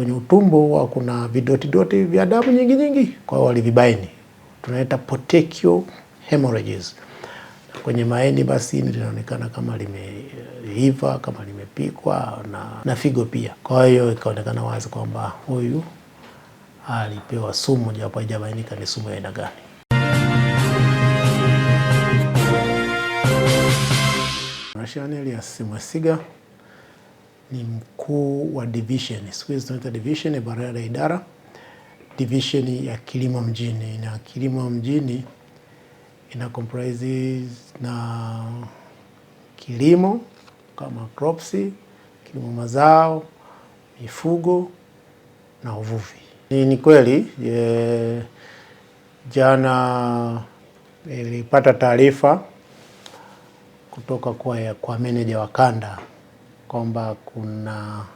kwenye utumbo huwa kuna vidotidoti vya damu nyingi nyingi, kwa hiyo walivibaini, tunaita potekio hemorrhages. Kwenye maini basi linaonekana kama limeiva kama limepikwa na, na figo pia. Kwa hiyo ikaonekana wazi kwamba huyu alipewa sumu, japo haijabainika ni sumu ya aina gani ni mkuu wa division, siku hizi tunaita division barabara ya idara, division ya kilimo mjini. Na kilimo mjini ina comprises na kilimo kama crops, kilimo mazao, mifugo na uvuvi. Ni, ni kweli ye, jana ilipata taarifa kutoka kwa, kwa meneja wa kanda kwamba kuna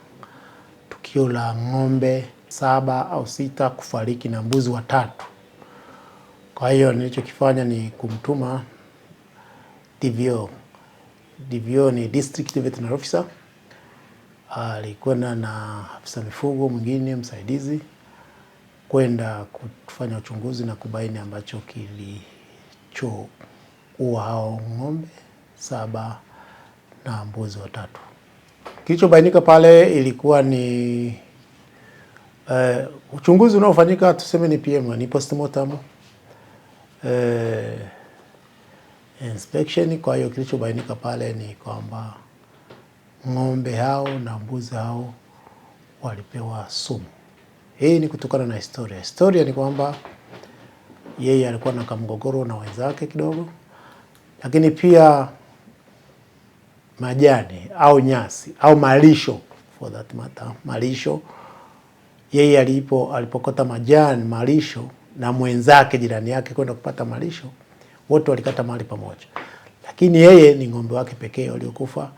tukio la ng'ombe saba au sita kufariki na mbuzi watatu. Kwa hiyo nilichokifanya ni kumtuma DVO. DVO ni district veterinary officer, alikwenda na afisa mifugo mwingine msaidizi kwenda kufanya uchunguzi na kubaini ambacho kilichoua hao ng'ombe saba na mbuzi watatu. Kilichobainika pale ilikuwa ni uh, uchunguzi unaofanyika tuseme ni PM, ni postmortem uh, inspection. Kwa hiyo kilichobainika pale ni kwamba ng'ombe hao na mbuzi hao walipewa sumu. Hii ni kutokana na historia. Historia ni kwamba yeye alikuwa na kamgogoro na wenzake kidogo, lakini pia majani au nyasi au malisho for that matter, malisho. Yeye alipo alipokota majani malisho na mwenzake jirani yake kwenda kupata malisho, wote walikata mahali pamoja, lakini yeye ni ng'ombe wake pekee waliokufa,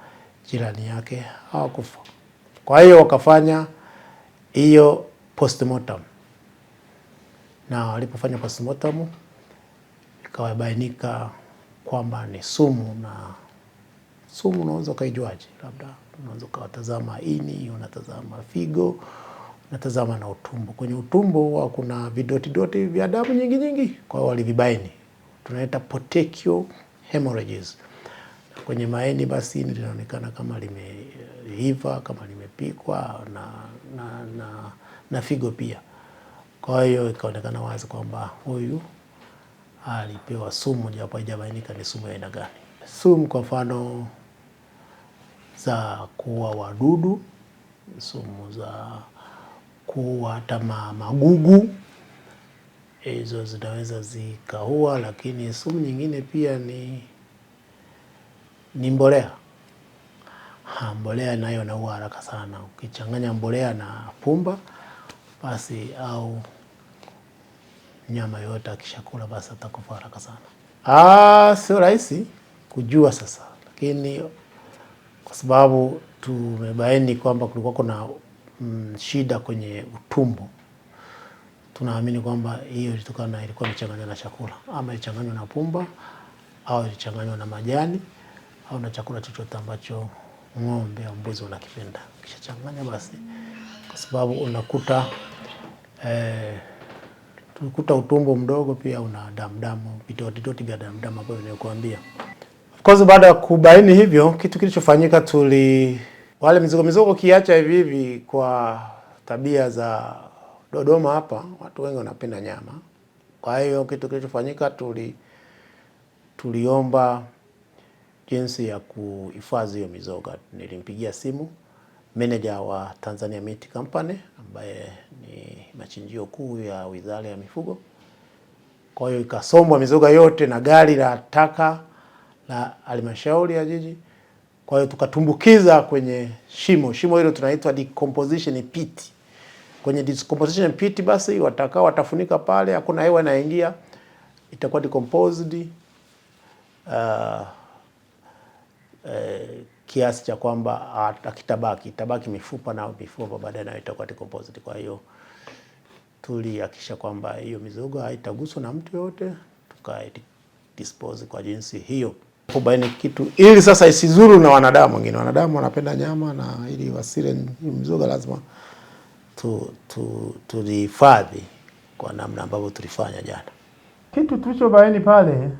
jirani yake hawakufa. Kwa hiyo wakafanya hiyo postmortem, na walipofanya postmortem ikawabainika kwamba ni sumu na sumu unaweza ukaijuaje? Labda unaweza ukawatazama ini, unatazama figo, unatazama na utumbo. Kwenye utumbo huwa kuna vidotidoti vya damu nyingi nyingi, kwa hiyo walivibaini, tunaita potekio hemorrhages. kwenye maeni basi ini linaonekana kama limeiva, kama limepikwa na, na, na, na figo pia. Kwa hiyo ikaonekana wazi kwamba huyu alipewa sumu japo haijabainika ni sumu ya aina gani. Sumu kwa mfano za kuua wadudu, sumu za kuua hata magugu, hizo zinaweza zikaua. Lakini sumu nyingine pia ni ni mbolea ha, mbolea nayo naua haraka sana. Ukichanganya mbolea na pumba basi, au nyama yoyote akishakula basi atakufa haraka sana. Ah, sio rahisi kujua sasa, lakini kwa sababu tumebaini kwamba kulikuwa kuna mm, shida kwenye utumbo. Tunaamini kwamba hiyo ilitokana ilikuwa imechanganywa na chakula, ama ilichanganywa na pumba au ilichanganywa na majani au na chakula chochote ambacho ng'ombe au mbuzi unakipenda. Ukishachanganya basi, kwa sababu unakuta eh, tukuta utumbo mdogo pia una damdamu, vidotidoti vya damdamu ambavyo nimekuambia course, baada ya kubaini hivyo, kitu kilichofanyika tuli wale mizogo mizogo kiacha hivi hivi kwa tabia za Dodoma hapa, watu wengi wanapenda nyama. Kwa hiyo kitu kilichofanyika tuli tuliomba jinsi ya kuhifadhi hiyo mizoga. Nilimpigia simu meneja wa Tanzania Meat Company ambaye ni machinjio kuu ya Wizara ya Mifugo. Kwa hiyo ikasomwa mizoga yote na gari la taka na halmashauri ya jiji. Kwa hiyo tukatumbukiza kwenye shimo, shimo hilo tunaitwa decomposition pit. Kwenye decomposition pit basi watakaa watafunika pale, hakuna hewa inaingia, itakuwa decomposed uh, eh, kiasi cha kwamba ah, akitabaki tabaki mifupa na mifupa baadaye nayo itakuwa decomposed. Kwa hiyo tulihakikisha kwamba hiyo mizoga haitaguswa na mtu yoyote, tukaidispose kwa jinsi hiyo kubaini kitu, ili sasa isizuru na wanadamu wengine. Wanadamu wanapenda nyama, na ili wasile mzoga, lazima tulihifadhi tu, tu kwa namna ambavyo tulifanya jana. Kitu tulichobaini pale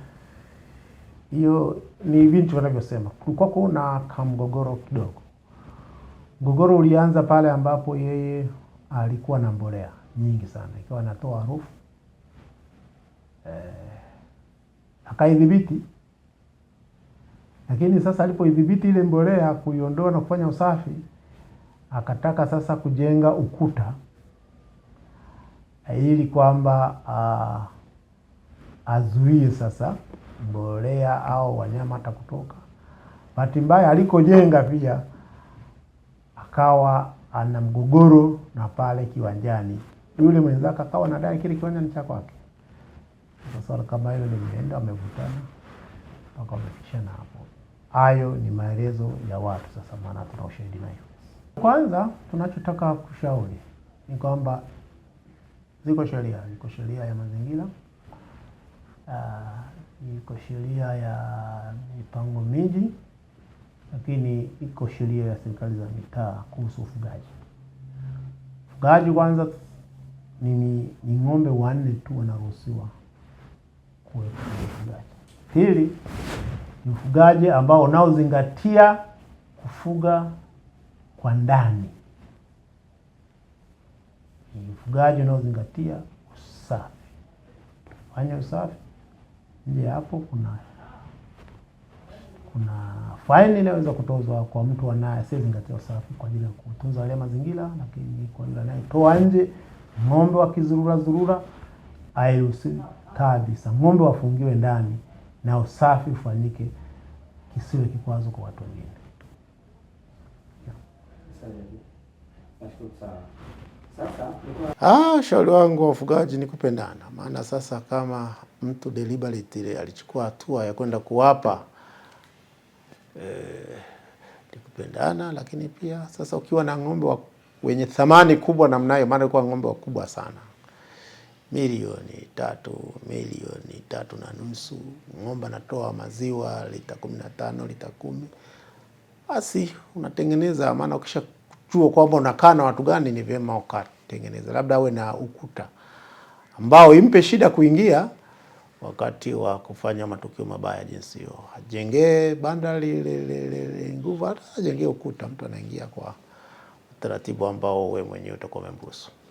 hiyo ni vintu wanavyosema, kulikuwa kuna kamgogoro kidogo. Mgogoro ulianza pale ambapo yeye alikuwa na mbolea nyingi sana, ikiwa anatoa harufu eh, akaidhibiti lakini sasa alipoidhibiti ile mbolea, kuiondoa na kufanya usafi, akataka sasa kujenga ukuta ili kwamba azuie sasa mbolea au wanyama hata kutoka. Bahati mbaya alikojenga pia akawa ana mgogoro na pale kiwanjani, yule mwenzake akawa anadai kile kiwanja ni cha kwake. Sasa kama hilo limeenda, wamevutana mpaka wamefikishana hapo. Hayo ni maelezo ya watu, sasa maana tuna ushahidi nayo. Kwanza tunachotaka kushauri ni kwamba ziko sheria, ziko sheria ya mazingira uh, iko sheria ya mipango miji, lakini iko sheria ya serikali za mitaa kuhusu ufugaji. Ufugaji kwanza ni, ni ng'ombe wanne tu wanaruhusiwa kuweka ufugaji. Pili ni ufugaji ambao unaozingatia kufuga kwa ndani, ni ufugaji unaozingatia usafi. Fanya usafi nje, hapo kuna kuna faini inaweza kutozwa kwa mtu anaye asiyezingatia usafi kwa ajili ya kutunza wale mazingira, lakini kwa yule anayetoa nje ng'ombe wakizurura zurura, airuhusi kabisa. Ng'ombe wafungiwe ndani na usafi ufanyike, kisiwe kikwazo kwa watu wengine. Ah, shauri wangu wa wafugaji ni kupendana, maana sasa kama mtu deliberately alichukua hatua ya kwenda kuwapa eh, kupendana, lakini pia sasa ukiwa na ng'ombe wenye thamani kubwa namna hiyo, maana kwa ng'ombe wakubwa sana milioni tatu milioni tatu na nusu ng'ombe anatoa maziwa lita kumi na tano lita kumi basi unatengeneza. Maana ukishajua kwamba unakaa na watu gani, ni vyema ukatengeneza, labda awe na ukuta ambao impe shida kuingia wakati wa kufanya matukio mabaya jinsi hiyo. Ajengee banda lile nguvu, hata ajengee ukuta, mtu anaingia kwa utaratibu ambao we mwenyewe utakuwa umemruhusu.